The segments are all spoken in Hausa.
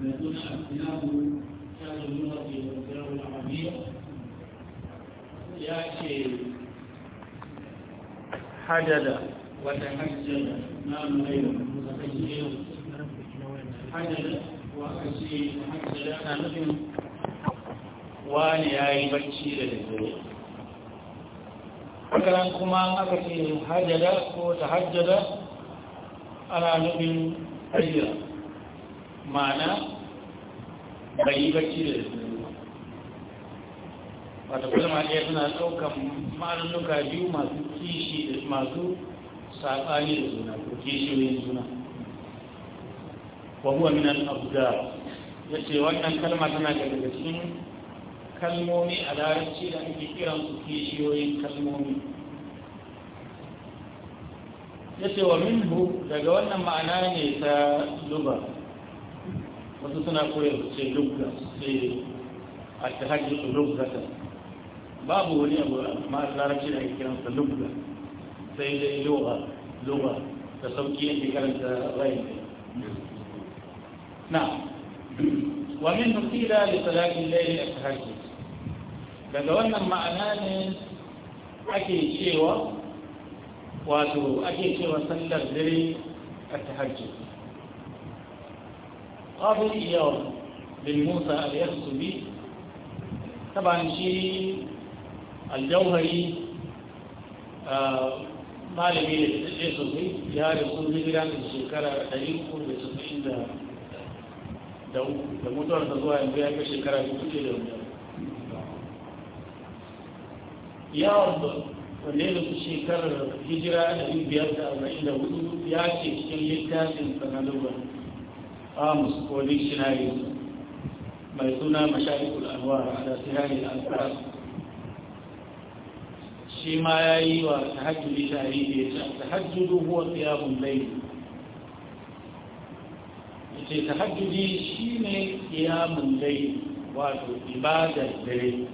mai suna abdinabu shafin nuna ke wasu arabiya ya ce hajjada wata hajjada na nufin wani ya yi bacci da dare hakanan kuma aka ce hajjada ko ta hajjada ana nufin hajjada ma'ana bai yi bacci da su wata kalma ɗaya suna ɗaukan nuka biyu masu kishi da masu saɓani da suna ko kishiyoyin suna wa huwa minan abuja ya ce wannan kalma tana daga cikin kalmomi a larabci da ake kiransu kishiyoyin kalmomi ya ce wa minhu daga wannan ma'ana ne ta zuba وتصنعه في لغة في التحاجة في لغة بابه هنا ما أتلارك شيء كلام في لغة في لغة لغة تصوكي أنت كلام في نعم ومن نقيلة لصلاة الليل التحاجة لدولنا معنان أكي شيء واتو أكي شيء وصلت ذري التحجد قالوا إياه بالموسى اليخص بي طبعا شيء الجوهري مالي بي يخص بي يا رسول مدران الشكرة تريكو بسوط عند دو أن تزوى انبياء كشكرة بكتش دو يا رب ليلة الشكرة هجرة نبي بيبدأ ما عند وضوط يا شيء شكرة يتاسم فنالوه famous for dictionary mai suna mashaikul anwar da sirani al-qur'an shi ma ya yi wa ta hajjuli tarihi ya ce ta hajjudu huwa tsiyamun lai ya ce ta shi ne tsiyamun lai wato ibadar dare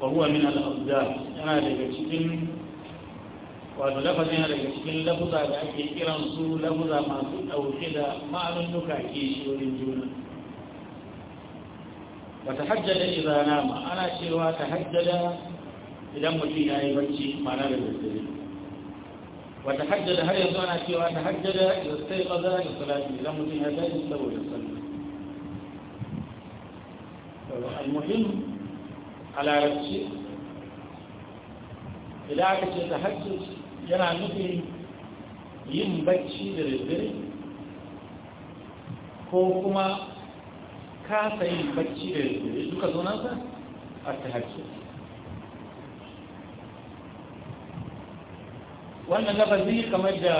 wa huwa min al-abdar yana daga cikin wato lafazin yana daga cikin lafuza da ake kiran su lafuza masu ɗauke da duka ke wurin juna wata hajjada izana ma ana cewa ta hajjada idan mutum ya yi barci mana da daddare wata hajjada har yanzu ana cewa ta hajjada idan sai ƙaza da salati idan mutum ya zai saboda sallah al-muhim a larabci idan aka ce ta hajjada yana nufin yin bacci da daddare ko kuma kasa yin bacci da daddare duka zonansa a ta hajji wannan lafazi kamar da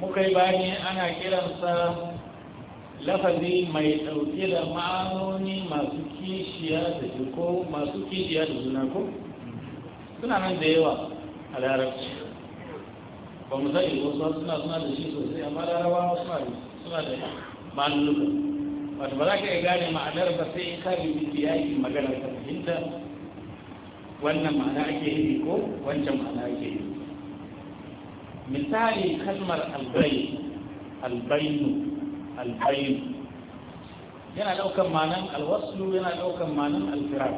muka yi bayani ana kiransa lafazi mai ɗauke da ma'anoni masu kishiya da ko masu kishiya da juna ko suna nan da yawa a larabci ba mu sani wasu suna suna da shi sosai amma larabawa suna da suna da ma'anonuka wato ba za ka iya gane ma'anar ba sai in ka rubuta yayin maganar ka fahimta wannan ma'ana ake yi ko wancan ma'ana ake yi misali kalmar albayi albayinu albayinu yana daukan ma'anan alwaslu yana daukan ma'anan alfirak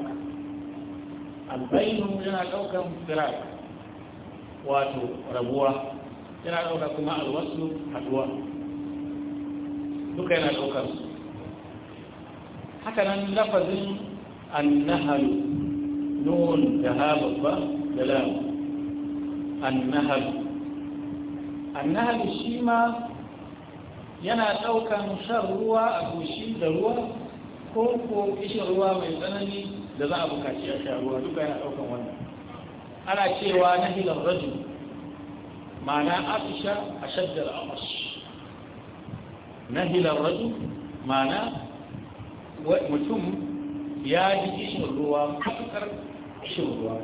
albayinu yana daukan firak wato rabuwa yana ɗauka kuma alwasu haɗuwa duka yana ɗaukar su haka nan lafazin annahalu nun da ha babba da lamu annahalu annahalu shi ma yana ɗaukan shan ruwa a goshi da ruwa ko ko kishin ruwa mai tsanani da za a bukaci a sha ruwa duka yana ɗaukan wannan ana cewa na hilar rajin معناها أفشى أشد العطش نهل الرجل معنى ومتم يادي إشه الروا أفكر إشه الروا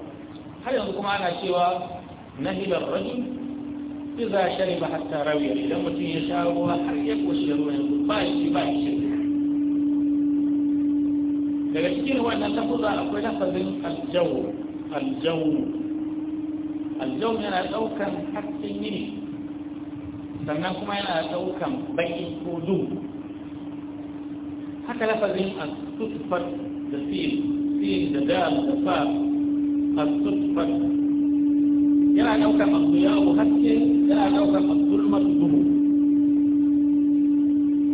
هل ينظركم معنى سوى نهل الرجل إذا شرب حتى روي إذا متن يشاربها حريك وشيرون ينظر باش باش شرب لكن هو أن تفضل أقول لفظ الجو الجو aljawm yana daukan hasken yini sannan kuma yana daukan baƙi ko duhu haka lafazin as-sufat da sin sin da dal da fa as-sufat yana daukan abu haske yana daukan zulmat duhu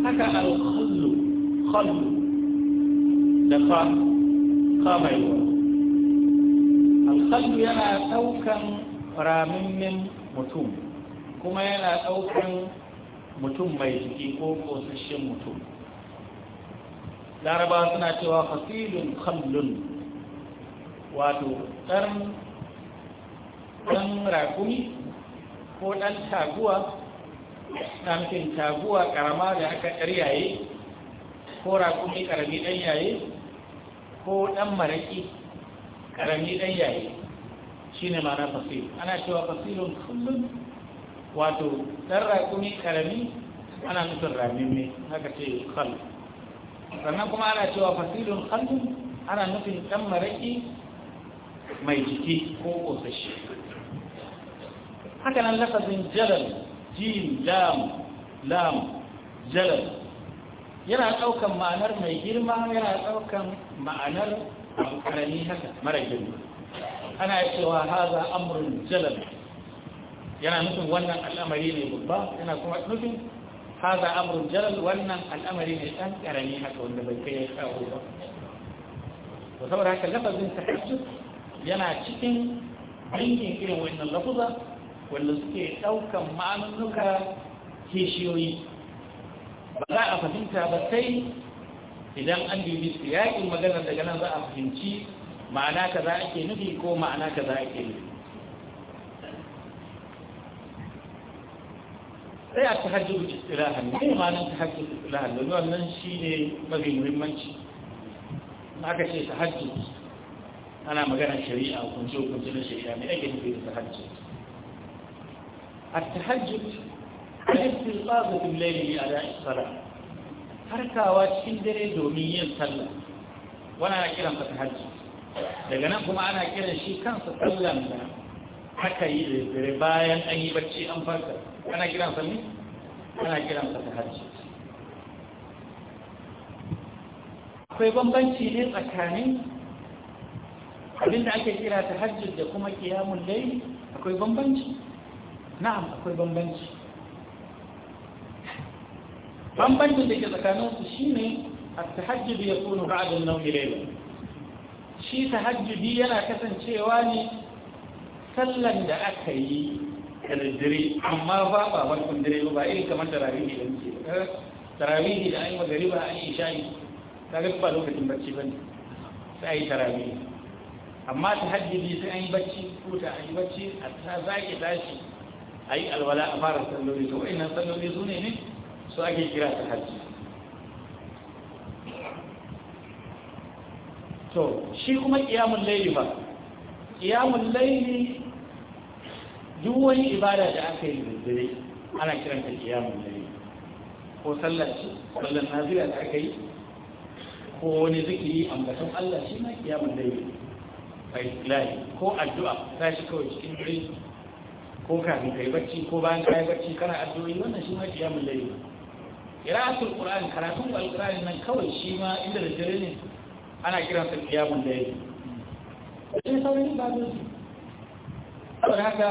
haka al-khullu khullu da fa kama yiwa al-khullu yana daukan ramimmin mutum kuma yana ɗaukan mutum mai jiki ko ƙosashen mutum laraba suna cewa fasilin kallon wato ɗan rakumi ko ɗan taguwa ɗanfin taguwa ƙarama da aka ƙaryaye ko rakumi ƙarami ɗan yaye ko ɗan maraƙi ƙarami ɗan yaye shine ma'ana fasil ana cewa fasilun kullum wato ɗan raƙumi ƙarami ana nufin ne, haka ce kal sannan kuma ana cewa fasilun kallon ana nufin ɗan maraƙi mai jiki ko ƙosashe haka nan lafazin jalal jim lam lam jalal yana ɗaukan ma'anar mai girma yana ɗaukan ma'anar ƙarami haka mara girma ana cewa haza amurin jalal yana nufin wannan al'amari ne babba yana kuma nufin haza amurin jalal wannan al'amari ne ɗan ƙarami haka wanda bai kai ya kawo ba to saboda haka lafazin tahajjud yana cikin dangin irin wannan lafuza wanda suke ɗaukan ma'anonuka kishiyoyi ba za a fahimta ba sai idan an dubi siyakin maganar daga nan za a fahimci ma'ana ka za ake nufi ko ma'ana ka za ake nufi sai a ta hajji wuce tsirahan ne ma nan ta hajji wuce tsirahan da zuwan nan shi ne mafi muhimmanci na ka ce ta hajji ana magana shari'a kunce kunce na shekara ne ake nufi da ta hajji a ta hajji ta yi tilbazu tun lairi a da isara farkawa cikin dare domin yin sallah wani ana kiran ta hajji daga nan kuma ana kiran shi kansa sallan da haka yi da bayan an yi bacci an farka ana kiran sa ne ana kiran sa tahajji akwai bambanci ne tsakanin abinda ake kira hajji da kuma qiyamul layl akwai bambanci na'am akwai bambanci bambancin da ke tsakaninsu shine ta at-tahajjud yakunu ba'da an-nawm laylan shi tahajjudi yana kasancewa ne sallan da aka yi da daddare amma ba ba barkun dare ba irin kamar tarawihi da muke tarawihi da an yi magariba an yi shayi ta ga ba lokacin barci ba ne sai a yi tarawihi amma tahajjudi sai an yi barci ko ta an yi barci a ta zaki tashi a yi alwala a fara sallori. to nan sallori su ne ne su ake kira ta tahajjudi to shi kuma kiyamun laili ba kiyamun laili duk wani ibada da aka yi dare ana kiranta kiyamun laili ko sallar ce sallar nazira da aka yi ko wani zikiri ambaton Allah shi ma kiyamun laili bai lahi ko addu'a ta shi kawai cikin dare ko kafin kai bacci ko bayan kai bacci kana addu'o'i wannan shi ma kiyamun laili qira'atul qur'an karatun alqur'ani nan kawai shi ma inda da dare ne ana kiransa kiyamun da yake sai sauran ibadunsu saboda haka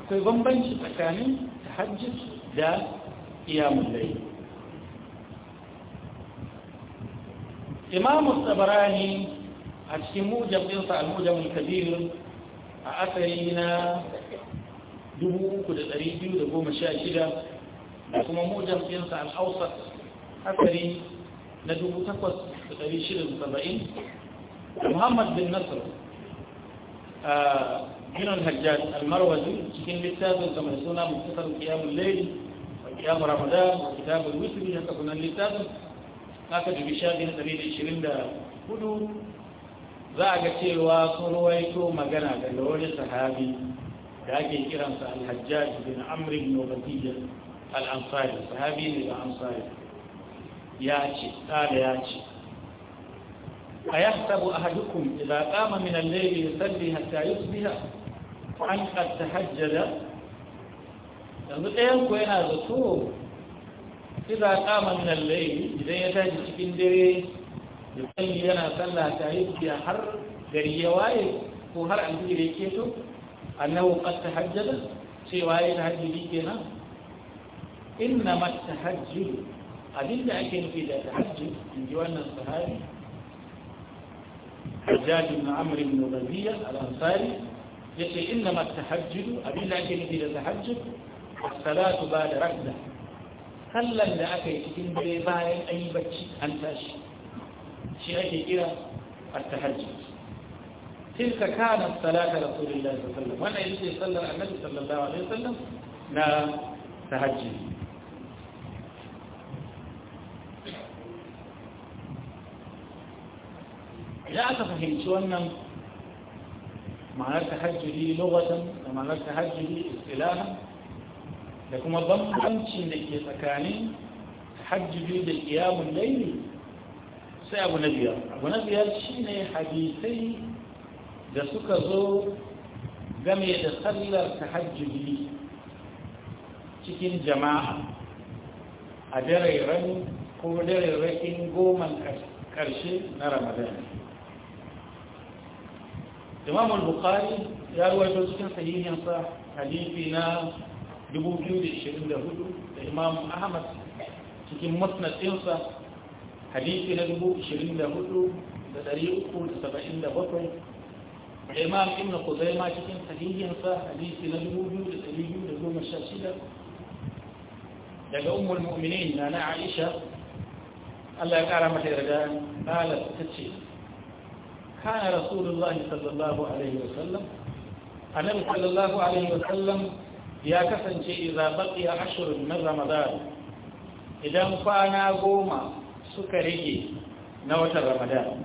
akwai bambanci tsakanin tahajjud da kiyamun da yake imamu tsabarani a cikin mujam ɗinsa al-mujamul a asali na 3216 da kuma mujam ɗinsa al-ausat asali na 8000 تقريبا شيل وسبعين محمد بن نصر بن آه، الحجاج المروزي كان لساته كما يسمى مختصر قيام الليل وقيام رمضان وكتاب الوسري حتى كنا لساته هكذا بشاغي تقريبا شيرين ده هدو ذاك a ga cewa sun ruwaito magana daga wani sahabi da ake بن alhajjaj bin amr bin ubadiyya al-ansari sahabi ne da أيحسب أحدكم إذا قام من الليل يصلي حتى يصبح an قد تهجد yanzu ɗayan ku yana da zato iza kama min al-layl idan ya tashi cikin dare ya kalli yana sallah ta yi biya har gari ya waye ko har an jire ke to annahu qad tahajjada cewa ya tahajjudi kenan inna mat tahajjud abinda ake nufi da tahajjud in ji wannan sahabi حجاج بن عمرو بن ربيع الأنصاري يقول إنما التهجد أبي الله كلمة التهجد ba بعد ركضة sallan da aka yi cikin dare bayan an yi bacci an tashi shi ake kira at-tahajjud tilka salata rasulullahi sallallahu alaihi wasallam wannan yace sallar annabi sallallahu alaihi wasallam na tahajjud idan aka fahimci wannan ma'anar tahajjudi lokacin da ma'anar tahajjudi istilahan da kuma bambancin da ke tsakanin tahajjudi da iyamun laini sai abu na biyar abu na biyar shi ne hadisai da suka zo game da Hajji tahajjudi cikin jama'a a ran ko dare rakin goman ƙarshe na ramadan إمام البخاري يروي جزءاً صحيحاً صح حديثنا بوجود الشيخ داود الإمام أحمد تكلم مثنى إنسا حديثنا بوجود الشيخ داود بطريقة كل سبعين دقيقة الإمام ابن خزيمة تكلم صحيحاً صح حديثنا بوجود الشيخ داود مشاشدة لدى أم المؤمنين أنا عائشة الله يكرمك يا رجال قالت تتشيل kana rasulullahi sallallahu alaihi wasallam annabi ya kasance idza baqiya ashrun min ramadan idan kwana goma suka rage na watan ramadan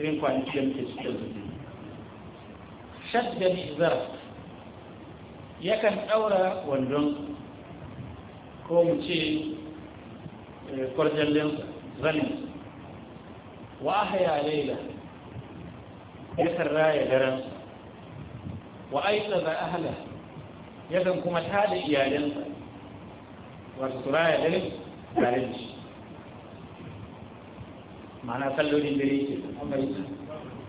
irin kwanaki da muke cikin su shadda yakan daura wandon ko mu ce kwarjallin laila yakan raya daren wa aika za ya zan kuma da iyalinsa wasu raya dare tare ma'ana sallolin dare ke amurka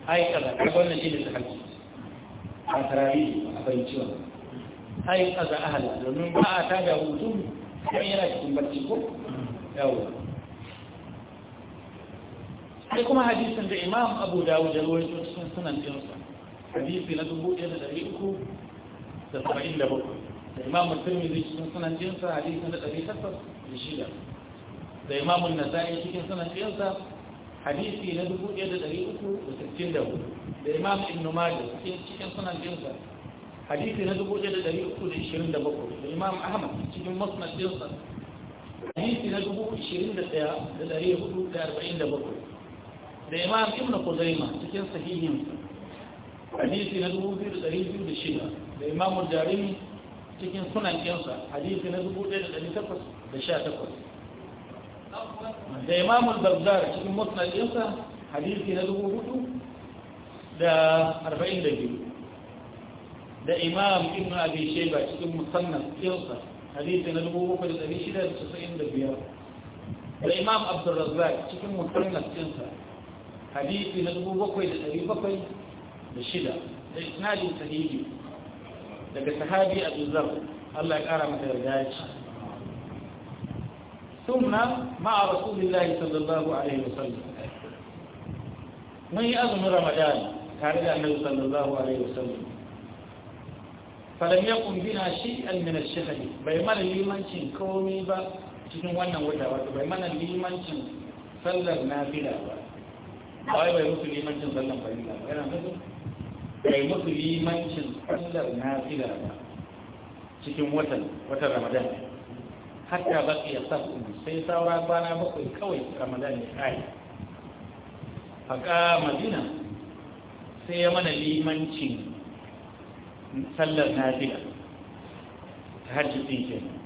aika za a wannan jini su ta a tarari a fahimci wa aika za hala domin ba a da hutu don yana cikin barci ko yawon sai kuma hadisin da imam abu dawud ya rawaito cikin sunan ɗinsa hadisi na dubu da ɗari uku da saba'in da bakwai imam tirmidhi cikin sunan ɗinsa hadisi na ɗari takwas da shida da imam nasa'i cikin sunan ɗinsa hadisi na dubu da ɗari uku da sittin da hudu da imam ibn majah cikin sunan ɗinsa hadisi na dubu da ɗari uku da ishirin da bakwai da imam ahmad cikin musnad ɗinsa hadisi na dubu ishirin da ɗaya da da arba'in da imam ibn kuzaima cikin sahihin hadisi na 2206 da imam jarimi cikin sunan kinsa hadisi na 1818 da imam barzar cikin musnad kinsa hadisi na 442 da imam ibn abi shayba cikin musannaf kinsa hadisi na 3695 da imam abdurrazzaq cikin musannaf kinsa hadisi na dubu bakwai da ɗari bakwai da shida da isnadin sahihi daga sahabi a zuzar Allah ya ƙara masa yarda ya ci sunna ma'a rasulillahi sallallahu alaihi wasallam mun yi azumin ramadan tare da annabi sallallahu alaihi wasallam falam yakun bina shay'an min ash-shahr bai mana limancin komai ba cikin wannan wata wato bai mana limancin sallar nafila ba ba bai musu limancin sallan farilla yana musu bai musu limancin sallar na nafila ba cikin watan watan ramadan hatta ba ya sabu sai saura bana bakwai kawai ramadan ya kai haka madina sai ya mana limancin sallar na nafila ta hajji din kenan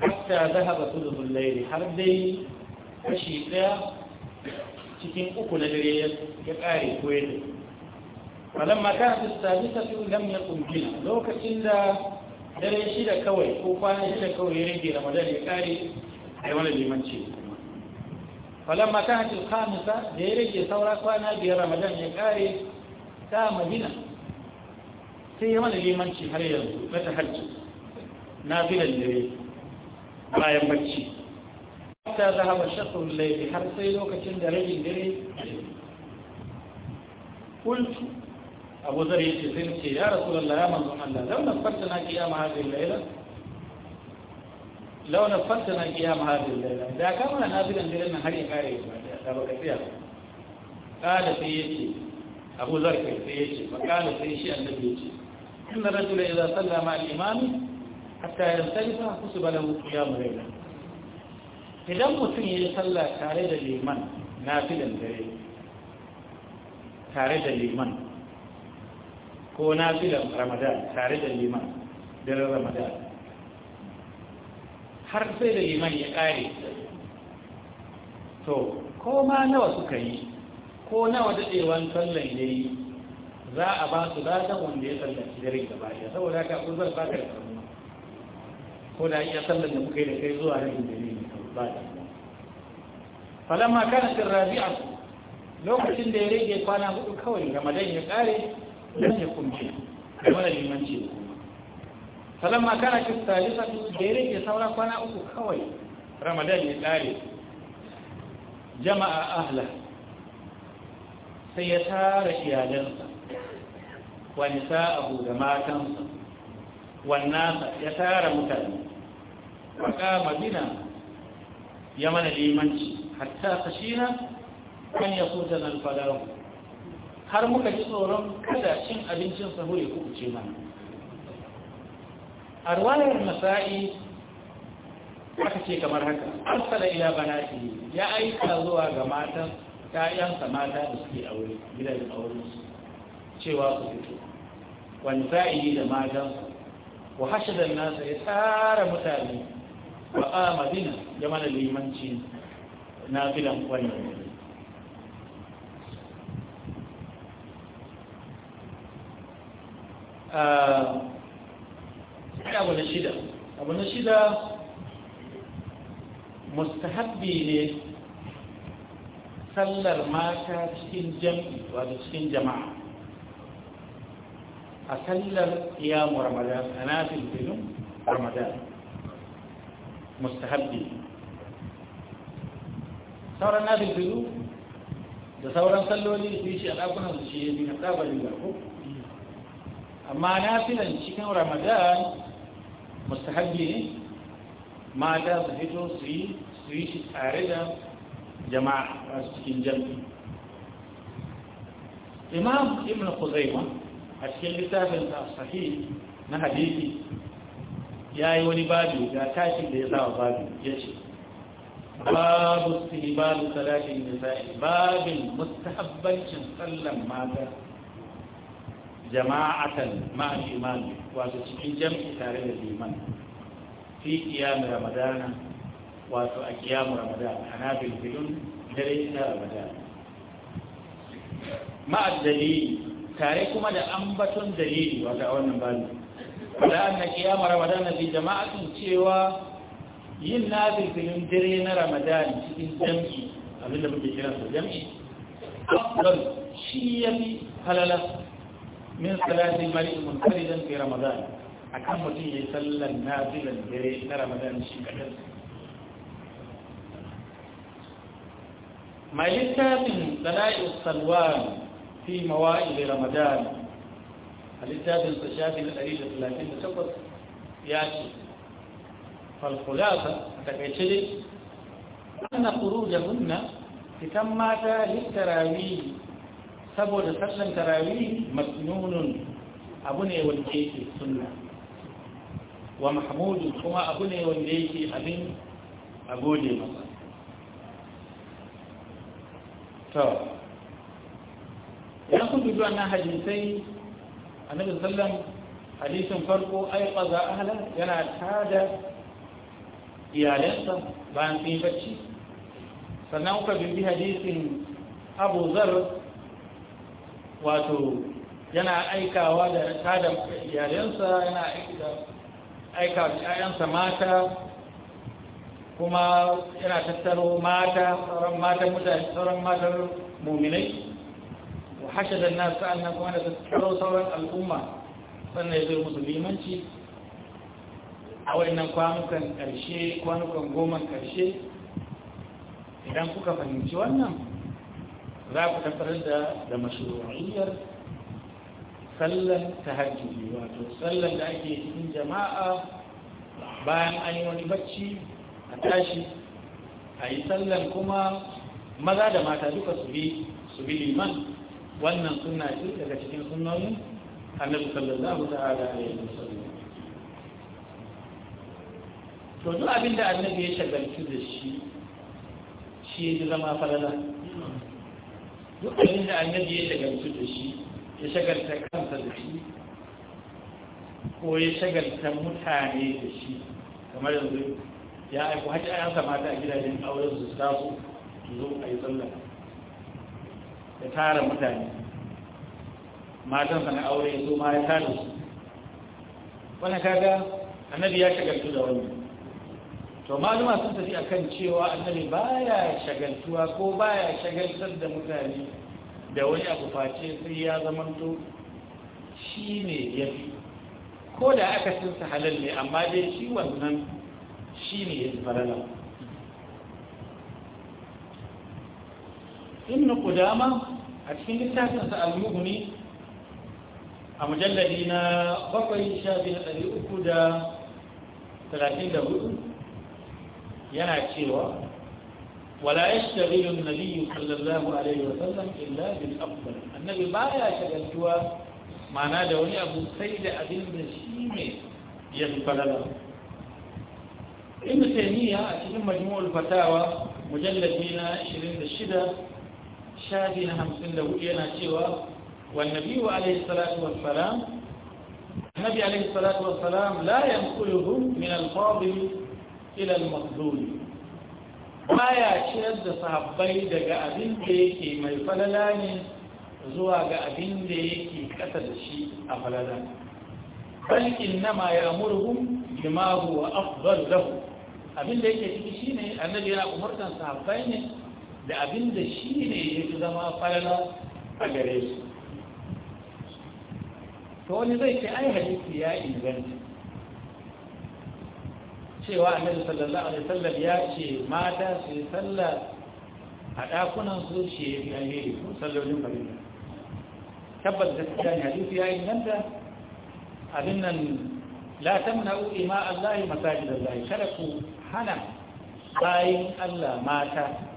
hatta zahaba da layli har dai kashi daya cikin uku na dare ya ƙare ko ya tafi falon maka su sami tafi lam ya na. lokacin da dare shida kawai ko kwanan shida kawai ya rage ramadan ya ƙare a yi wani limanci falon maka su kamisa da ya rage saura kwana biyar ramadan ya ƙare ta madina sai ya wani limanci har yanzu na ta hajji na filan dare bayan bacci ta zahaba shakul laifi har sai lokacin da rage dare kultu abu zar yace sai ce ya rasulullah ya manzon Allah law na fattana qiyam hadhihi al-layla law na fattana qiyam hadhihi al-layla da ka mana nafilan dare nan har ya kare da baka tsaya kada sai yace abu zar kai sai yace fa kada sai shi annabi yace inna rajula idza sallama al-imam hatta yansarifa kusiba lahu qiyam al-layla idan mutum ya yi sallah tare da liman na fi dare tare da liman ko na fi da ramadan tare da liman daren ramadan har sai da liman ya ƙare to ko ma nawa suka yi ko nawa daɗewan sallan ya yi za a ba su ta wanda ya sallaci dare da bayan saboda ka kun ba ka da ko da ya sallan da kuka yi da kai zuwa da dare ne ba falamma kana fil rabi'a lokacin da ya rage kwana hudu kawai ramadan ya kare dan ya kumce kamar limanci falamma kana fil salisa da ya rage saura kwana uku kawai ramadan ya kare jama'a ahla sai ya tara iyalansa wa nisa'ahu da matansa wannan ya tara mutane wa qama bina ya mana limanci hatta kashina kan ya kuta nan fadarar har muka ji tsoron kada cin abincin sahur ya ce mana a ruwayar nasa'i aka ce kamar haka arsala ila banati ya aika zuwa ga matan ƴaƴansa mata da suke aure gidan aurensu cewa su fito wani sa'i da matansa wa da nasa ya tsara mutane wa qama bina ya mana limanci nafilan wannan sai abu na shida abu na shida mustahabbi ne sallar mata cikin jam'i wato cikin jama'a a sallar iyamu ramadan a nafin filin ramadan mustahabbi sauran na biyu-biyu da sauran salloli su yi shi a ɗakunan su shi ya da na ɗabarin garko amma na filan cikin ramadan mustahabbi ne mata su fito su yi su yi shi tare da jama'a a cikin jami'i imam ibn khuzaima a cikin littafin sahih na hadisi ya yi wani babu ga tashin da ya sa babu ya ce babu Babu salatin nisa'i babin mustahabbancin sallan mata jama'atan ma'ashi imani wato cikin jam'i tare da liman fi kiyamu ramadana wato a kiyamu ramadana ana bilbilun dare ta ramadana ma'ad dalili tare kuma da ambaton dalili wato a wannan babin. wala anna qiyam ramadan fi jama'atin cewa yin nafilin dare na ramadan cikin jami'i abinda muke kira su jami'i afdal shi yafi halala min salati mar'i munfaridan fi ramadan akan mutum yayi sallan nafilan dare na ramadan shi kadan ما يكتب من دلائل الصلوان في موائد رمضان الاتجاه التشافي للأريجة لكن تقدر يأتي فالخلافة تكيشري أن خروجهن تتم للتراويح سبو جسد تراويح مكنون أبني والجيش السنة ومحمود هو أبني والجيش أبن أبوجي مصر يأخذ بجوانا هجنسين annabi sallam hadisin farko ai qaza ahla yana tada iyalansa bayan sun yi bacci sannan kuka bimbi hadisin abu zar wato yana aikawa da tada iyalansa yana aika ayansa mata kuma yana tattaro mata sauran matan mutane sauran matar muminai hashada na sa'annan kuma daga tsaro sauran al'umma sannan ya zo musulmanci a wannan kwanukan karshe kwanukan goman karshe idan kuka fahimci wannan za ku tabbatar da da mashru'iyyar sallan tahajjudi wato sallan da ake cikin jama'a bayan an yi wani bacci a tashi a yi sallan kuma maza da mata duka su bi liman wannan suna shi daga cikin sunan annabi sallallahu ta'ala alaihi wasallam to duk abin da annabi ya shagaltu da shi shi ya zama falala duk abin da annabi ya shagaltu da shi ya shagalta kansa da shi ko ya shagalta mutane da shi kamar yanzu ya aiko hajji an mata a gidajen auren su taso zo a yi sallah ya tara mutane matansa na aure zo ma ya tara su wannan kaga annabi ya shagaltu da wani. to maluma sun tafi akan cewa annabi baya shagaltuwa ko baya shagaltar da mutane da wani abu face sai ya zamanto shi ne ya fi ko da aka sun halal ne amma dai shi wannan shi ne ya fi farala ابن قدامى اكن كتابه المغني مجلدنا بقي شابه ابي اكدا 34 يعني اشيوا ولا يشتغل النبي صلى الله عليه وسلم الا بالافضل النبي ما يشتغل جوا معناه ده ابو سيد ابن شيمه يذكرنا ابن سيمية اكن مجموع الفتاوى مجلدين مجلدنا الشدة shafi na hamsin da hudu yana cewa wannabi wa alaihi salatu wassalam annabi alaihi wassalam la yanquluhu min al-fadil baya ciyar da sahabbai daga abin da yake mai falala ne zuwa ga abin da yake kasa da shi a falala nama ya ya'muruhum bima huwa afdal lahu abin da yake ciki ne, annabi yana umurtan sahabbai ne da abin da shi ne ya fi zama falala a gare su Ta wani zai ce ai hadisi ya inganta cewa annabi sallallahu alaihi wasallam ya ce mata su yi sallah a dakunan su shi ya fi alheri ko sallolin farilla tabbas da gaskiya ne hadisi ya inganta abin nan la tamna'u ima Allah masajid Allah kada ku hana bayin Allah mata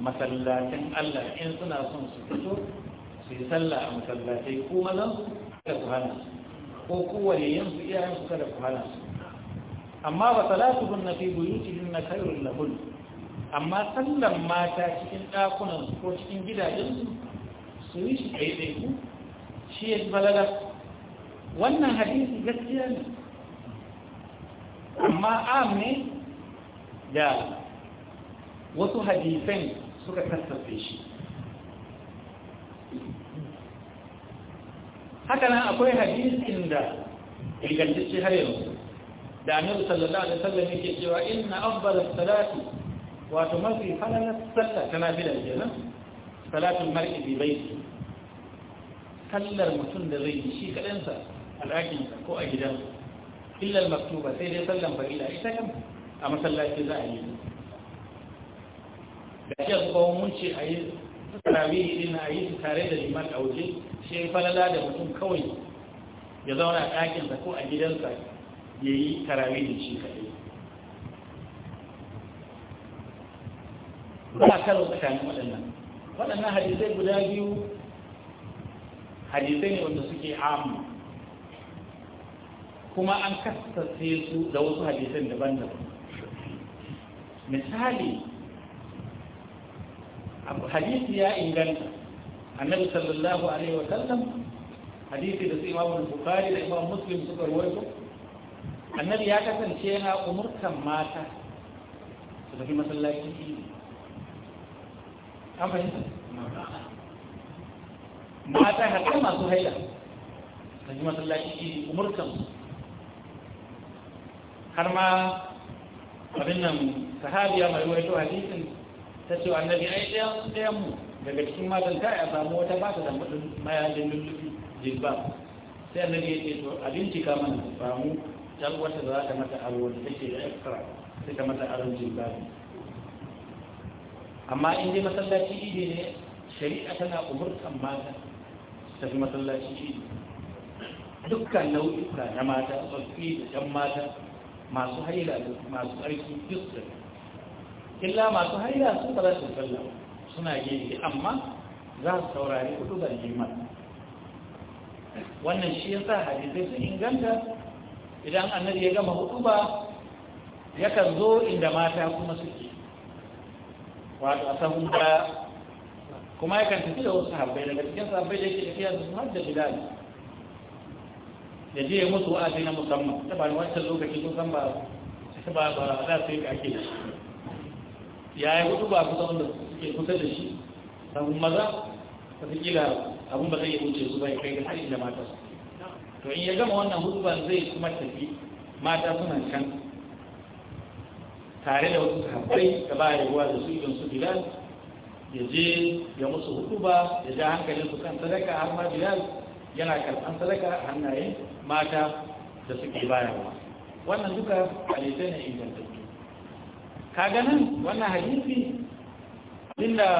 masallacin Allah in suna son su fito su yi sallah a masallatai ko mazan kada ku hana su ko kowane yin su iyayen su kada ku hana su amma ba salatu bin na fi buyutihim na khairul lahun amma sallan mata cikin ɗakunan su ko cikin gidajen su su yi shi daidai ku shi ya balaga wannan hadisi gaskiya ne amma am ne da wasu hadisan suka kasafe shi haka nan akwai hadisin da ingantacce har yanzu da annabi sallallahu alaihi wasallam yake cewa inna afdal as-salati wato mafi falalar sallah tana bi da salatu salatul mar'i bi baiti kallar mutum da zai yi shi kadansa a ko a gidan, illa al-maktuba sai dai sallan farila ita kan a masallaci za a yi da ke kuma mun ce a yi tarawih din a yi su tare da liman a waje shi falala da mutum kawai ya zauna a ɗakinsa ko a gidansa ya yi tarawih da shi kaɗai ba a karo tsakanin waɗannan waɗannan hadisai guda biyu hadisai ne wanda suke amu kuma an kasance su da wasu hadisai daban-daban misali hadisi ya inganta annabi sallallahu alaihi wa sallam hadisi da su imamu bukari da imamu muslim suka rawaito annabi ya kasance yana umurtan mata su tafi masallaci ne an fahimta mata hatta masu haila su tafi masallaci ne umurtan har ma abin nan sahabiya mai ruwaito hadisin ta ce annabi ai ɗayan ɗayan mu daga cikin matan ta ya samu wata ba ta da mayalin lullubi ba? sai annabi ya ce to a bincika mana ta samu jar wata da za ta mata aro da take da extra sai ta mata aron ba. amma in dai masallaci idi ne shari'a tana umurtan mata ta fi masallaci idi dukkan nau'uka na mata tsoffi da ɗan mata masu haila masu ƙarfi duk da illa masu haila sun ba za su sallah suna gini amma za su saurari hudu da liman wannan shi ya sa hadisai sun inganta idan annabi ya gama hudu ba yakan zo inda mata kuma suke wato a sahun da kuma yakan tafi da wasu habbai daga cikin sahabbai da ke tafiya da su da bilal da je musu wa'azi na musamman ta ba ni wancan lokacin sun san ba ba za su yi ake da shi ya yi hudu ba kusa da suke kusa da shi sabon maza kila abin ba zai yi wuce su bai kai da har da mata to in ya gama wannan hudu ba zai kuma tafi mata suna can tare da wasu sahabbai da ba ya ruwa da su idan su bilal ya je ya musu hudu ba ya ja hankalin su kan sadaka har ma bilal yana karɓan sadaka hannayen mata da suke bayarwa wannan duka a ne ingantattu ka wannan hadisi inda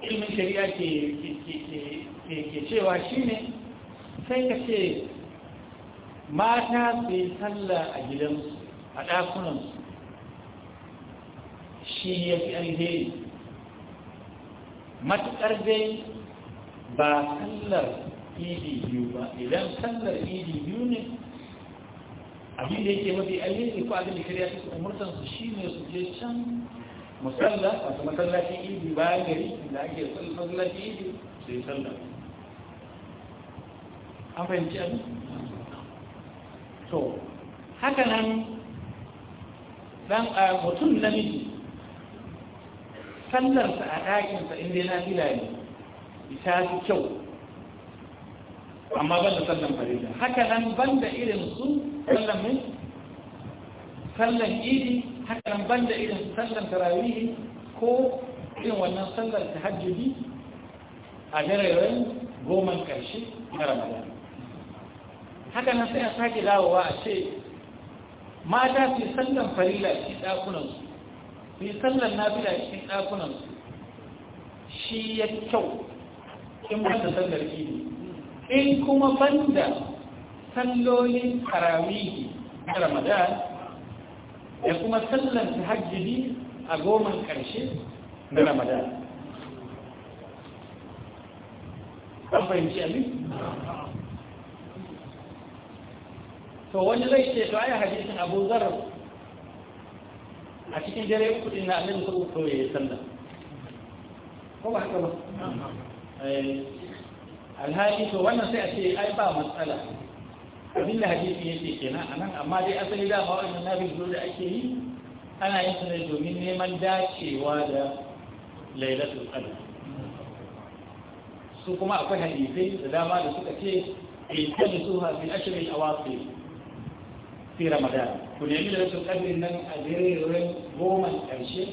ilmin shari'a ke cewa shine sai ka ce mata su yi sallah a gidan a ɗakunansu shi ya fi alheri matuƙar dai ba sallar idi biyu ba idan sallar idi biyu ne abin da yake mafi alheri ko abin da shari'a take umurtan su ne su je can musalla masu masallaci idi bayan gari da ake masallacin idi su yi sallah an fahimci abin to haka nan dan mutum namiji sallarsa a ɗakinsa inda yana filaye ita su kyau amma ban da sallan farida haka nan ban da irin su sallan mai sallan idi haka nan ban da irin sallan tarawih ko irin wannan sallar tahajjudi a daren goman karshe na ramadan haka nan sai a sake dawowa a ce mata su sallan a cikin dakunan su yi sallan nafila cikin su shi ya kyau in ba ta sallar idi in kuma banda sallolin tarawihi na ramadan da kuma sallan hajjini a goman karshe na ramadan an fahimci to wani zai ce to ayi hadisin abu zar a cikin dare uku din na annabi sallallahu alaihi wasallam ko ba haka ba alhali to wannan sai a ce ai ba matsala abin da hadisi yake kenan anan amma dai asali da ba wannan nabi zo da ake yi ana yin sa ne domin neman dacewa da lailatul qadr su kuma akwai hadisi da dama da suka ce ilkan suha fi ashrin awaqi fi ramadan ku nemi lailatul qadr nan a jerin goma karshe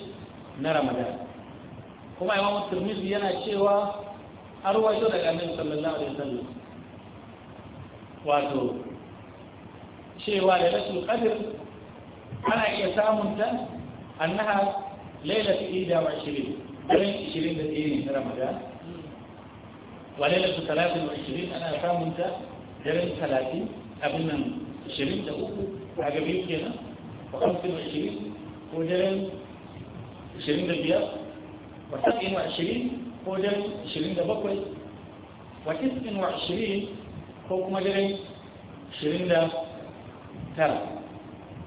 na ramadan kuma imamu turmizi yana cewa har wato daga annabi sallallahu alaihi wasallam wato cewa da rasul ana iya samun ta annaha lailatu ida wa shirin daren 20 da tsiri na ramadan wa lailatu 23 ana samun ta daren 30 abin nan 23 a gabe kenan wa 25 ko daren 25 wa 27 ko daren 27 wa wa 20 ko kuma daren 29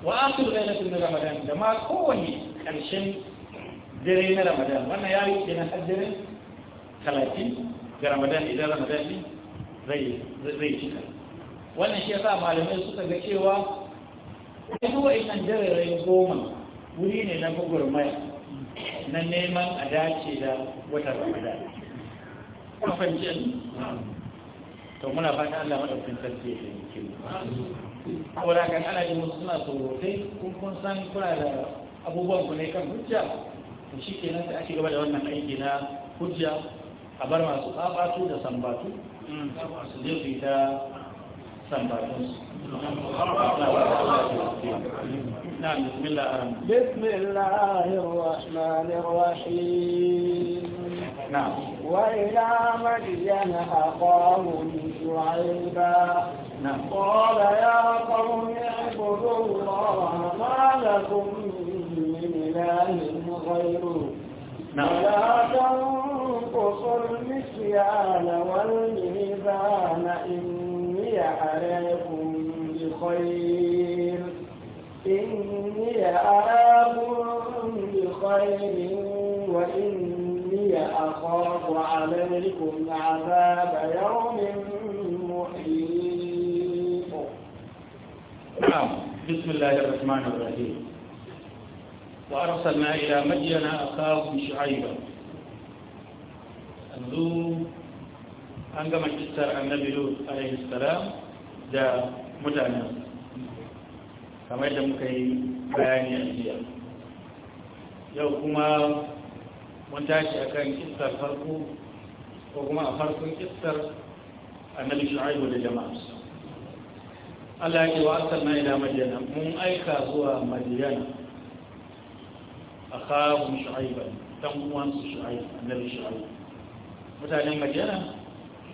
wa akhir lailatul min ramadan da ma kowanne karshen dare na ramadan wannan ya yi kenan har 30 ga ramadan idan ramadan din zai zai cika wannan shi yasa malamai suka ga cewa duk wa'annan dare goma wuri ne na gwagwarmaya na neman a dace da watan ramadan kafin jin to muna fata Allah madaukakin sarki ya taimake mu saboda kan ana jin musu suna surutai kun kun san kuna da abubuwan ku ne kan hujja to shikenan sai ake gaba da wannan aiki na hujja a bar masu babatu da sambatu mm. sun je su yi ta sambatunsu نعم بسم الله الرحمن الرحيم نعم وإلى مدين أخاهم شعيبا نعم قال يا قوم اعبدوا الله ما لكم من إله غيره نعم ولا تنقصوا المكيال والميزان إني أريكم بخير إني آب بخير وإني أخاف عليكم عذاب يوم محيط نعم بسم الله الرحمن الرحيم وأرسلنا إلى مدين أخاهم شعيبا أنذو أنقم الكسر النبي لوط عليه السلام da mutane kamar da muka yi bayani a jiya yau kuma mun tashi a kan kistar farko ko kuma a farkon kistar annabi shu'aibu da jama'a Allah ya ce wa na ila madiyana mun aika zuwa madiyana kawun Shu'aibu dan uwansu su shu'aib annabi Shu'aibu. mutanen madiyana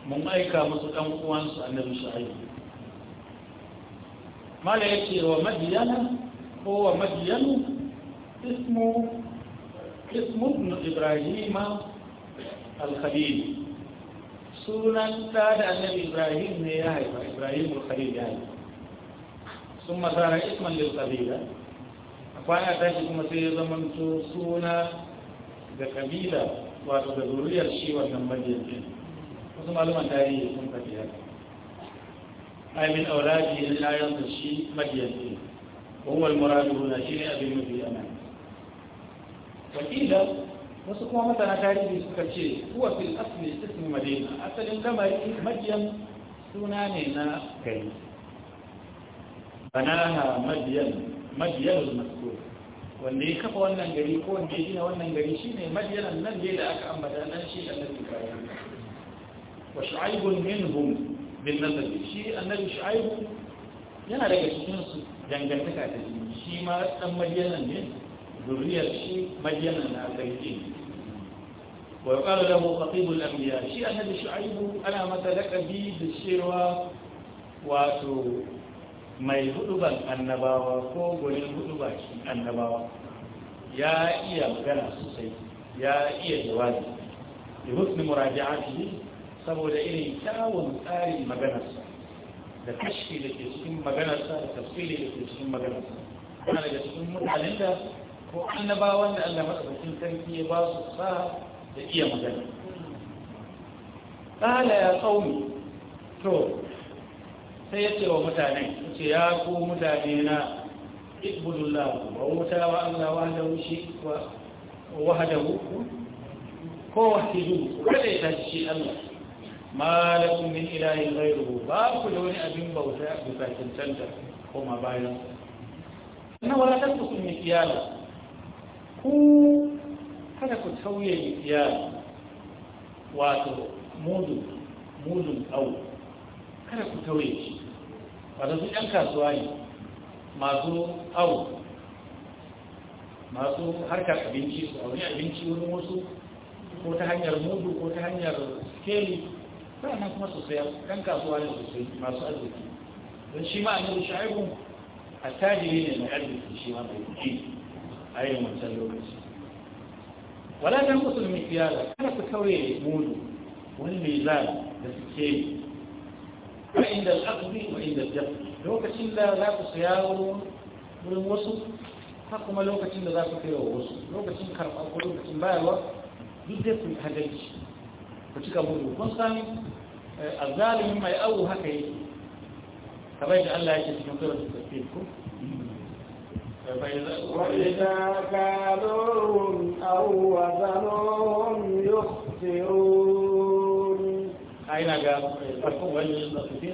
mun aika musu dan uwansu su annabi Shu'aibu. mala yake wa madiyana ko wa madiyanu ismu ismu ibrahim al-khalil sunan da da annabi ibrahim ne ya haifa ibrahim al-khalil ya haifa sun masara isman lil qabila a kwana tashi kuma sai ya zamanto suna ga kabila wato da zuriyar shi wannan madiyar wasu malaman tarihi sun faɗi Amin auraji na layan da shi magiyanci kowal muradu na shi ne abin mafi amani wakilan wasu kuma matana tarihi suka ce kuwa fil asli ismi madina asalin gama magiyan suna ne na gari banaha madiyan madiyan masu wanda ya kafa wannan gari ko wanda ya wannan gari shine madiyan nan da aka ambata nan shi da nan kayan wa shu'aibun minhum bin nasabi shi annabi shu'aibu yana daga cikin su dangantaka ta jini shi ma dan madiyanan ne zuriyar shi madiyanan na asali wa yuqalu lahu qatibul anbiya shi annabi shu'aibu ana masa laqabi da cewa wato mai huduban annabawa ko gurin huduba shi annabawa ya iya magana sosai ya iya jawabi bi husni murajaatihi saboda irin kyawun tsarin maganarsa da kashi da ke cikin maganarsa da tafsiri da ke cikin maganarsa ana daga cikin mutanen da ko annabawan da Allah madaukakin sarki ya ba su sa da iya magana qala ya qaumi to sai ya ce wa mutane ce ya ku mutane na ibudullah wa wuta wa Allah wa da shi wa wahdahu ko wahdahu kada ya tashi Allah ma lakum min ilahin ghayruhu ba ku da wani abin bauta bisa cancanta koma bayan na wala tasbuku min iyala ku kada ku tauye min wato mudu mudun au kada ku tauye shi wato su kasuwa ne masu au masu harkar abinci su auri abinci wurin wasu ko ta hanyar mudu ko ta hanyar skeli sa'annan kuma su sayar ɗan kasuwa ne sosai masu arziki don shi ma annabi shu'aibu attajiri ne mai arziki shi ma mai kuɗi a yin wancan lokaci wala dan kusul mai fiyala kada ku kauye mudu wani mizan da suke yi wa inda al'aqdi wa inda al lokacin da za ku saya wurin wasu ta kuma lokacin da za ku kai wa wasu lokacin karɓar ko lokacin bayarwa duk dai ku yi hadarci ku cika mudu kun sami الظالم ما يأوه هكي فبيجع الله يجب أن يقرر تسكيركم وإذا كالوهم أو وزنوهم يخسرون أين قال؟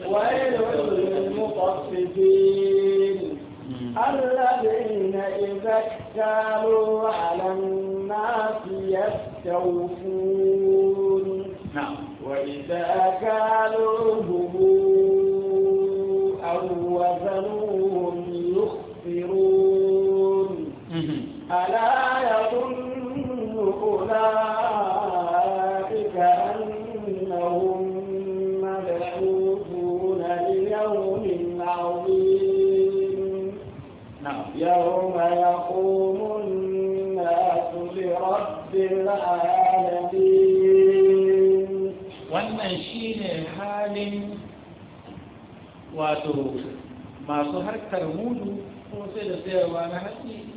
ويل للمطففين الذين إذا اكتالوا على الناس يستوفون نعم وإذا كالوهم أو وزنوهم يخفرون ألا يظن أولئك أنهم مبعوثون ليوم عظيم نعم. يوم يقوم الناس لرب العالمين wato masu harkar mudu ko sai da sayarwa na hatsi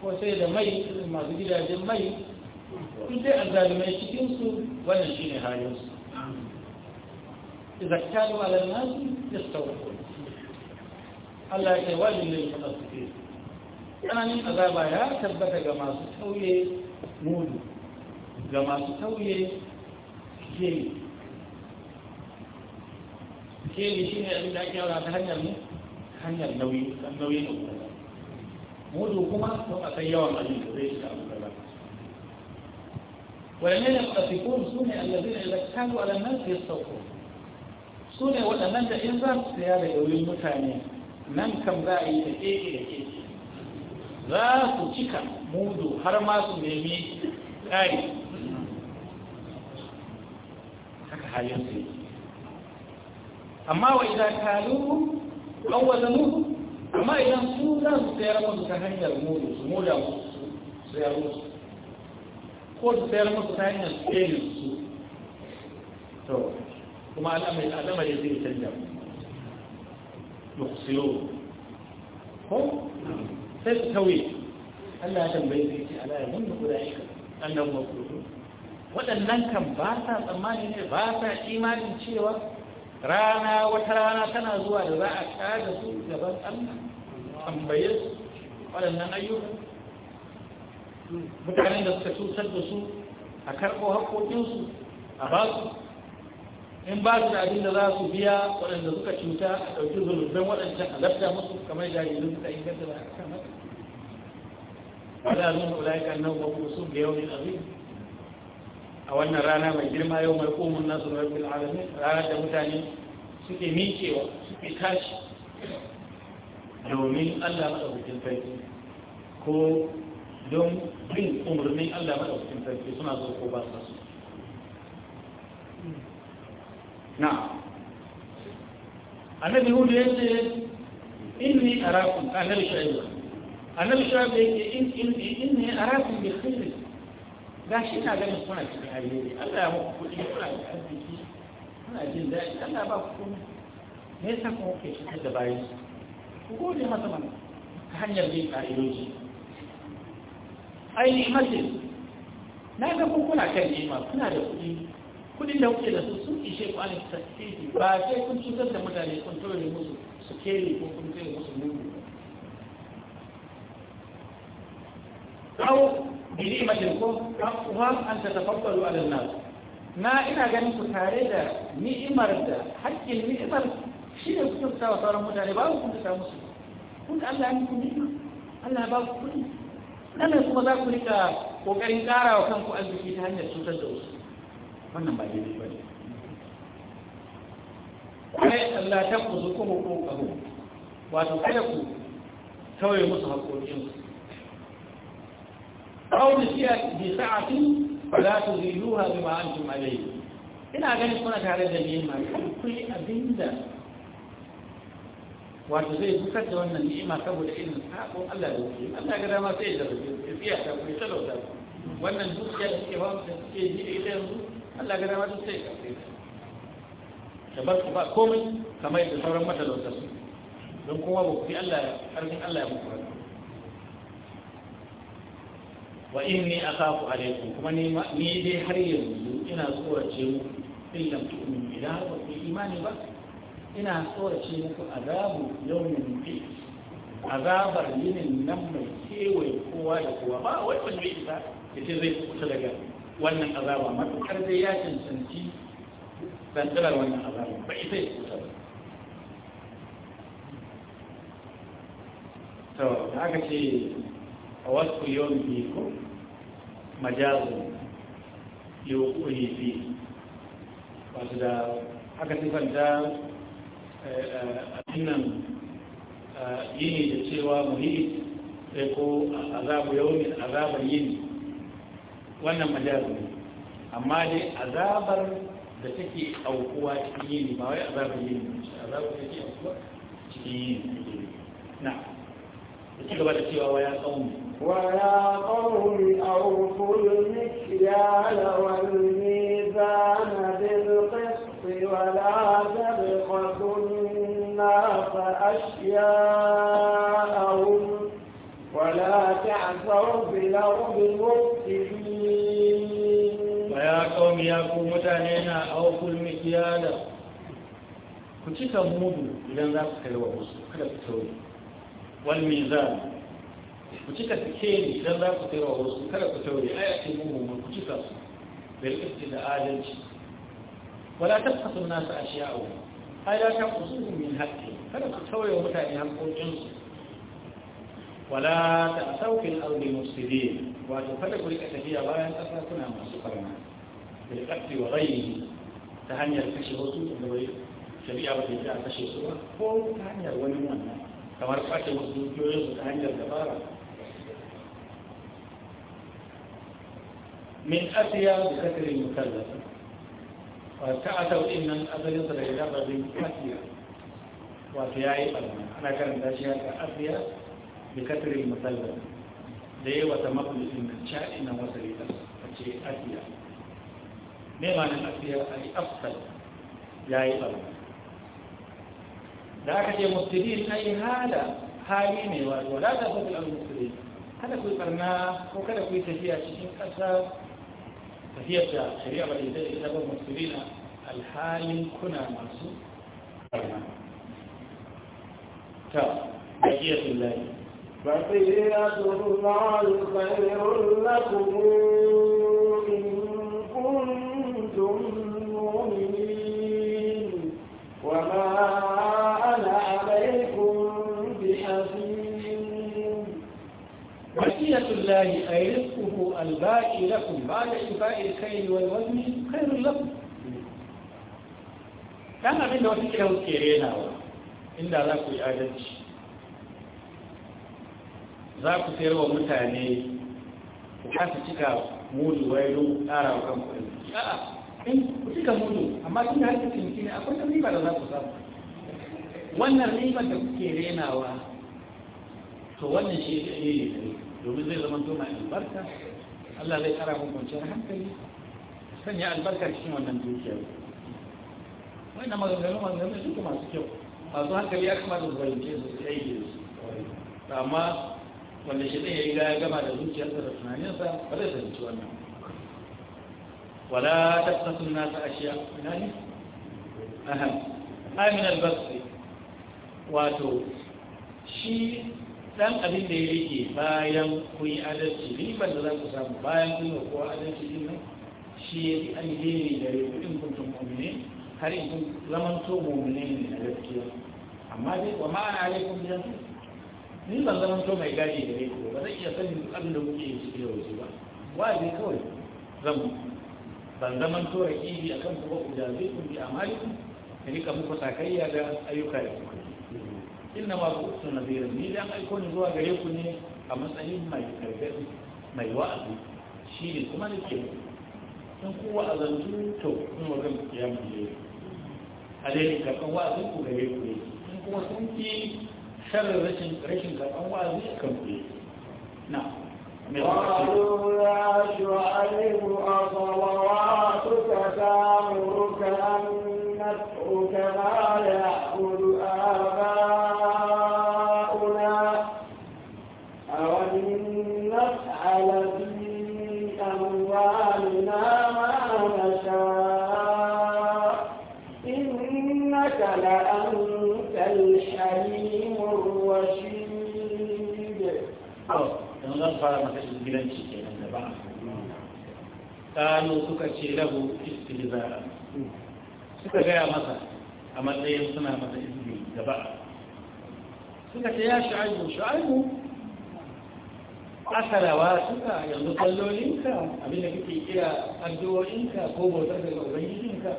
ko sai da mai masu gidajen mai duk dai a zalimai cikinsu wannan shi ne halinsu إذا كانوا على ya يستوقفون Allah ya wajin ne ya su ke tsananin azaba ya tabbata ga masu tauye mudu ga masu tauye jini ne shi ne abin da ake yawa ta hanyar ne hanyar nauyi kan nauyi da kuma mudu kuma to a kai yawan abin da zai shiga abu kaza wani ne mutafikun su ne allazina idza kanu ala nas sauko? su ne waɗannan da in za su tsaya da yawin mutane nan kam za a yi da keke da keke za su cika mudu har ma su nemi kari? haka halin su amma wa idan kaluhu aw wazanuhu amma idan su za su sayar musu ta hanyar mudu su moda musu su ya musu ko su sayar musu ta hanyar tsayin su to kuma al'amari zai canja yuksiru ko sai su tauye Allah ya tambaye zai ce ala ya da guda aika annan makudu waɗannan kan ba sa tsammani ne ba sa imanin cewa rana wata rana tana zuwa da za a kada su gaban Allah tambaye su waɗannan ayyuka mutanen da suka cutar da su a karɓo haƙoƙinsu a ba su in ba su da abin da za su biya waɗanda suka cuta a ɗauki zulubin waɗancan a lafiya musu kamar jaririn suka inganta da aka kama. Wadda zuwa ula'ikan nan wa kusur da yau ne azim a wannan rana mai girma yau mai ƙomun nasu rabin alamin ranar da mutane suke miƙewa suke tashi domin allah maɗaukakin sarki ko don bin umarnin allah maɗaukakin sarki suna zo ko ba su na annabi hudu ya ce inni arakum annabi shaibu annabi shaibu ya ce inni arakum bi khairin gashi ina ganin kuna cikin alheri Allah ya muku kuɗi kuna da arziki kuna jin daɗi Allah ba ku kuma me yasa kuma kuke cutar da bayan ku gode masa mana ta hanyar bin ƙa'idoji ainihin masjid na ga ku kuna kan jima kuna da kuɗi kuɗin da kuke da su sun ishe ku alif tasiri ba sai kun cutar da mutane kun tore musu su kere ko kun kai musu mugu. Kawo ni'imatikum haqqan an tatafaddalu 'ala an-nas na ina ganin ku tare da ni'imar da haƙƙin ni'imar shi ne ku kyauta sauran mutane ba ku kyauta musu kun da Allah ya muku ni'ima Allah ba ku kuɗi nan kuma za ku rika kokarin ƙara wa kanku arziki ta hanyar cutar da wasu wannan ba daidai ba ne kai Allah ta ku zuku hukuku wato kada ku tauye musu haƙoƙinsu أو بسعة فلا تزيلوها بما أنتم عليه ina ganin kuna tare da ni'ima akwai abinda wato zai fitar da wannan ni'ima saboda irin sakon Allah da wuce Allah ga dama sai da rubuce tsiya ta kuma talauta wannan dukiya da suke bamu da komai kamar yadda sauran matalauta su don kuma ba ku fi Allah karfin Allah ya muku wa inni akhafu alaikum kuma ni ni dai har yanzu ina tsorace muku in lam tu'minu bi ba ku imani ba ina tsorace muku azabu yawmin bi azabar yinin nan mai kewaye kowa da kowa ba wai wani bai isa yace zai kuta daga wannan azaba matukar dai ya cancanci tsantsirar wannan azaba ba ita ya kuta ba to da aka ce a wasu yawon biyu majazun liwuƙuri fi wasu da aka sifanta eh, eh, abinnan eh, yini da cewa muhit sai ko azabu yawmin azabar yini wannan majazun amma dai azabar da take aukuwa cikin yini ba wai azabar yini azabar da take aukuwa cikin yini na ci gaba da cewa waya kauni waya kauni awful mikyala wal mizan bil qist wa la tabqasun nas ashya'ahum wa la ta'thaw fil ardi mufsidin waya kauni ya ku mutane na awful mikyala ku cika mudu idan za ku kai wa musu kada ku tauri والميزان ku cika sikeli idan za ku taiwa wasu kada ku taure a yake mummun ku cika su bil isti da adalci wala tafkasu nasu ashiya'u ai la tanqusuhum min haqqi kada ku taure mutane haƙoƙinsu wala ta'tau fil ardi mufsidin wato kada ku rika tafiya bayan ƙasa kuna masu farna bil qatli wa ghayrihi ta hanyar kashe wasu da bai shari'a ba ta kashe su ba ko ta hanyar wani wannan kamar kwace wasu dukiyoyin su ta hanyar dabara min asiya da kasirin mukallasa ta asau din nan asalin sa daga lafazin asiya wato ya yi ɓarna ana karanta shi haka asiya da kasirin mukallasa da yi wata makulisin da caɗi na wasa rita a ce asiya ne ma nan asiya a yi afsal ya yi ɓarna لكن المفسدين أي هذا حاليني ولا تفضل الأمر المفسدين هذا كل فرما وكذا كل سفية شيء أسر سفية شريعة الإنسان إذا كنت مفسدين الحال كنا معصوم فرما تاب بقية الله بقية الله خير لكم وما منة الله أي رزقه الباقي لكم بعد إنفاء الخيل والوزن خير لكم كان abin da wata kira ke renawa inda za ku yi adalci za ku sayar wa mutane ku kasa cika ƙara wa a'a ku da wannan da kuke renawa to wannan shi ne ne domin zai zama to mai albarka Allah zai kara mun kwanciyar hankali sanya albarka cikin wannan dukiyar wannan maganganu maganganu su kuma masu kyau masu hankali ya kamata su bayyance su su yi da su amma wanda shi ɗaya ya ya gama da zuciyarsa da tunaninsa ba zai fahimci wannan wala ta tattasun nasa a ashiya ina ne aha amin albasri wato shi dan abin da ya rike bayan kun yi adalci riban da zan ku samu bayan kun yi kowa adalci din nan shi ya fi alheri da ya kun kuntum mu'mini har in kun zaman to mu'mini ne a gaskiya amma dai wa ma'ana alaikum yanzu. ni ban zaman to mai gaji da ku ba zan iya sanin duk abin da kuke yi cikin yau ba wajibi kawai zan ban zaman to bi akan ku ba ku da zai kun bi amalikum ni ka muku sakayya da ayyuka da kuka inna ma ku sun nazira ni dan ko ne zuwa gare ku ne a matsayin mai gargadi mai wa'azi shi ne kuma ke in ku wa'azantu to in wa gan kiyam ne ka karban wa'azin ku gare ku ne in kuma sun ki sharrin rashin rashin karban wa'azi kan ku ne na قالوا يا شعيب أصلواتك تأمرك fara masa ingilanci ke nan da ba kano suka ce lahu istihzara suka gaya masa a matsayin suna masa izini da ba suka ce ya shu'aibu shu'aibu asalawa suka yanzu kallolinka abinda kake kira addu'o'inka ko bautar daga ubangijinka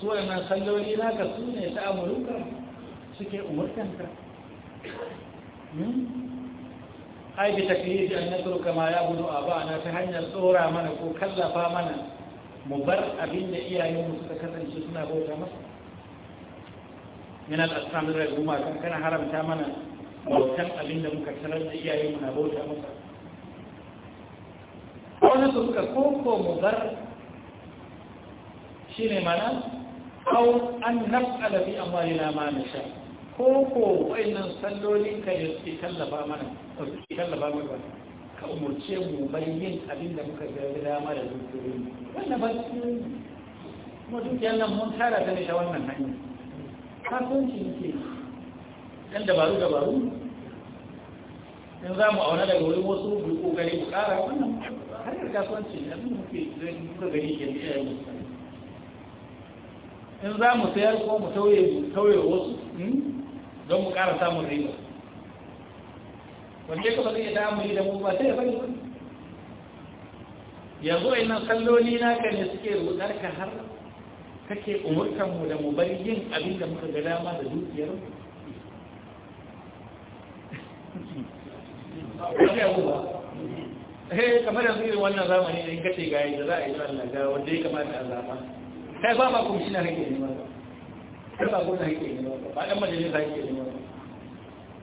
su wannan kalloli naka su ne ta amurka suke umurtanka hmm? أي بتكليف أن نترك ما يعبد آباءنا فهن الصورة من كلف من مبر أبين إيا يوم ستكتن سسنا بوتا من الأسلام الرئيس هما كان كان حرم تامنا وكان أبين لهم من إيا يوم نبوتا مصر وأنا سوف كوكو مبر شيني مانا أو أن نفعل في أموالنا ما نشاء كوكو وإن نصلوا لك يستكلف منه ba su ke tallaba mai ba ka umarce mu bai yin abin da muka ga dama da dukiyoyi wannan ba su kuma dukiyar nan mun tara ta da wannan hanyar kasuwanci muke ɗan dabaru dabaru in za mu auna daga wurin wasu mu kokari mu ƙara wannan harkar kasuwanci abin da muke zai muka gani ke da yayin in za mu sayar ko mu tauye mu tauye wasu don mu ƙara samun riba wanda ka ba zai da mu ba sai ya ba naka ne suke rudar ka har kake da mu bari yin abin da muka ga dama da dukiyar eh, kamar yanzu wannan zamani in ka ce da za a yi wannan ga wanda ya kamata a zama kai ba ba kuma shi na hake ne ba ba ba ba ba ba ba ba ba ba ba ba ba ba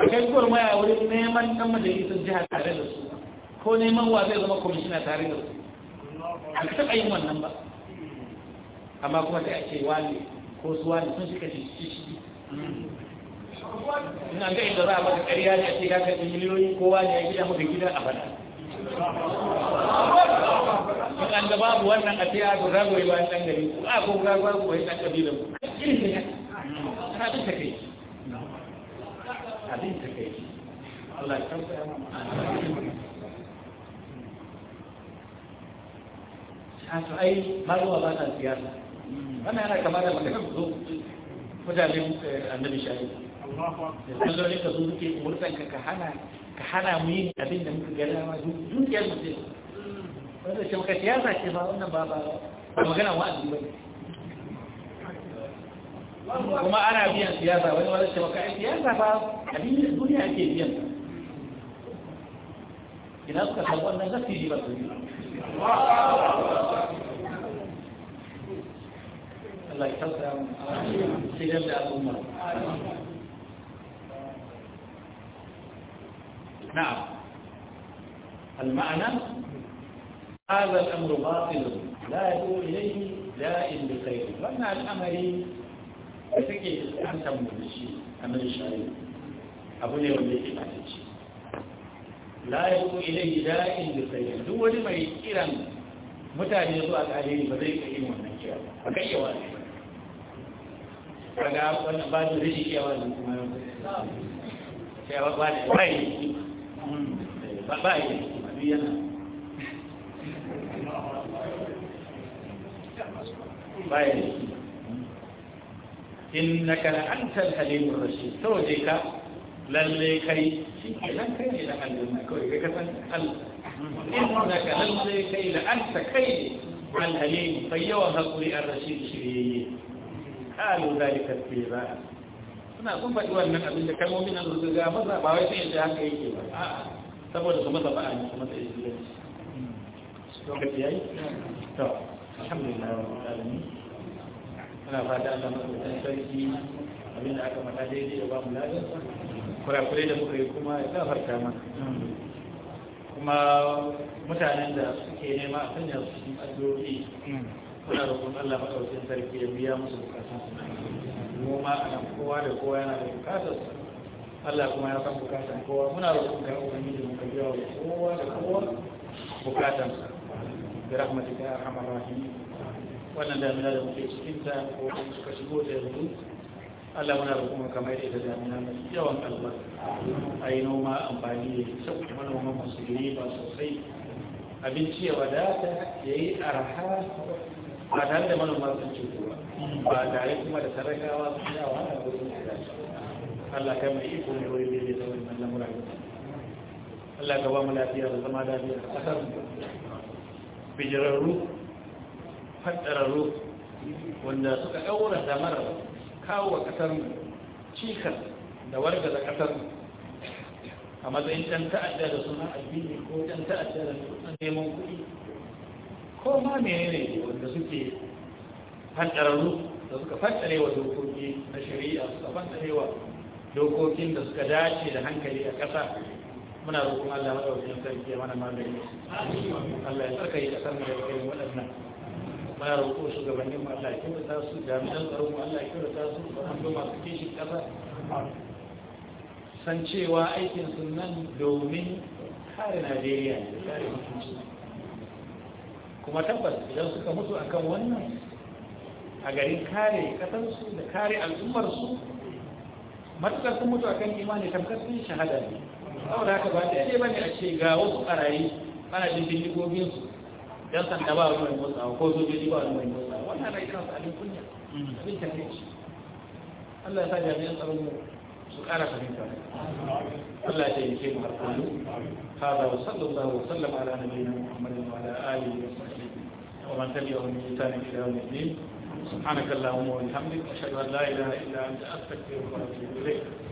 a kai ma ya wurin neman ɗan majalisar jiha tare da su ko neman wa zai zama kwamishina tare da su a ka taɓa wannan ba amma kuma sai a ce wani ko su wani sun suka shi shi ina ga inda za a maka ƙarya ne a ce kaka ɗin miliyoyi ko wani ya gida maka gida a bana in an da babu wannan a ce a ko ragoyi wani ɗan gari ko a ko ragoyi wani ɗan ƙabilan irin da ya ta kai حديث كيف الله يحفظ شاهدوا أي مروة بعد الزيارة أنا أنا كمان لما كنت فجأة النبي شاهد الله أكبر فجأة لك ظهور كي كحانا كحانا مين أبين نمك جلالة جون كيف مجد فجأة شمكة سياسة كيف أقولنا بابا فمكنا وقت kuma ana biyan siyasa wani wani ce maka siyasa ba abin da duniya ake biyan ina suka san wannan zafi ji ba su yi Allah ya tausaya mu sai da al'umma نعم المعنى هذا الأمر باطل لا يدعو إليه داء بخير وأن الأمر da suke an samu da shi a nan shayi abu ne wanda yake matacci la ya ku ilai da'in da sayi duk wani mai kiran mutane zuwa a alheri ba zai yin wannan kira ba kai yawa ne kaga wannan ba da rishi kiyawa da kuma sai ba ba da bai ba bai duk yana bai innaka la antal halimur rashid saboda ka lalle kai shi kenan kai ne da aljanna kawai kai kasan Allah innaka lalle kai la anta kai al halim fayyawa hakuri ar rashid shiriye kalu zalika tira suna kun faɗi wannan abin da kalmomin nan rubuga maza ba wai sai da haka yake ba a'a saboda su masa ba'a ne kuma sai su muna fata Allah mutum sarki abin da aka mata daidai da ba lafiya kurakurai da muka yi kuma ya mana kuma mutanen da suke nema a sanya su cikin addu'o'i suna roƙon Allah madaukakin sarki ya biya musu bukatun su mu ma kowa da kowa yana da bukatar su Allah kuma ya san bukatan kowa muna roƙon ka ubangiji mu ka biya wa kowa da kowa bukatan sa bi rahmatika arhamar rahimin wannan damina da muke cikinta ko kuma suka shigo da yanzu Allah muna roƙon kamar yadda damina mai yawan albarka a yi noma amfani da sauƙi manoman masu gari ba sosai abinci ya wadata ya yi arha ba tare da manoma sun ci ba ba tare kuma da sarakawa sun yawa a wurin da Allah kai mai iko mai wurin daidai da wannan lamura Allah ka ba mu lafiya da zama lafiya a ƙasar bijirarru fadararru wanda suka ɗaura damar kawo ƙasar cikar da da ƙasar a matsayin ɗan ta'adda da suna albini ko ɗan ta'adda da suna neman kuɗi ko ma menene wanda suke fadararru da suka fadare wa dokoki na shari'a suka fadare wa dokokin da suka dace da hankali a ƙasa muna roƙon Allah madaukakin sarki ya mana magani Allah ya sarkai ƙasar sanin da kai waɗannan muna roƙo shugabannin mu Allah ya kyautata su jami'an tsaron mu Allah ya kyautata su ba an masu kishin ƙasa san cewa aikin sun nan domin kare Najeriya ne kare mutunci kuma tabbas idan suka mutu akan wannan a garin kare ƙasarsu da kare al'ummarsu matuƙar sun mutu akan imani tamkar sun shahada ne saboda haka ba daidai bane a ce ga wasu ɓarayi ana jin bindigogin su Yan sanda ba wani mai motsa ko sojoji ba wani mai motsa wannan rai kan abin kunya abin takeici Allah ya sa jami'an tsaron mu su ƙara fahimta Allah ya taimake mu har kullum hada wa sallallahu wa sallama ala nabiyyina Muhammadin wa ala alihi wa sahbihi wa man tabi'ahum bi ihsan ila yawm الدين سبحانك اللهم وبحمدك اشهد ان لا اله الا انت استغفرك واتوب اليك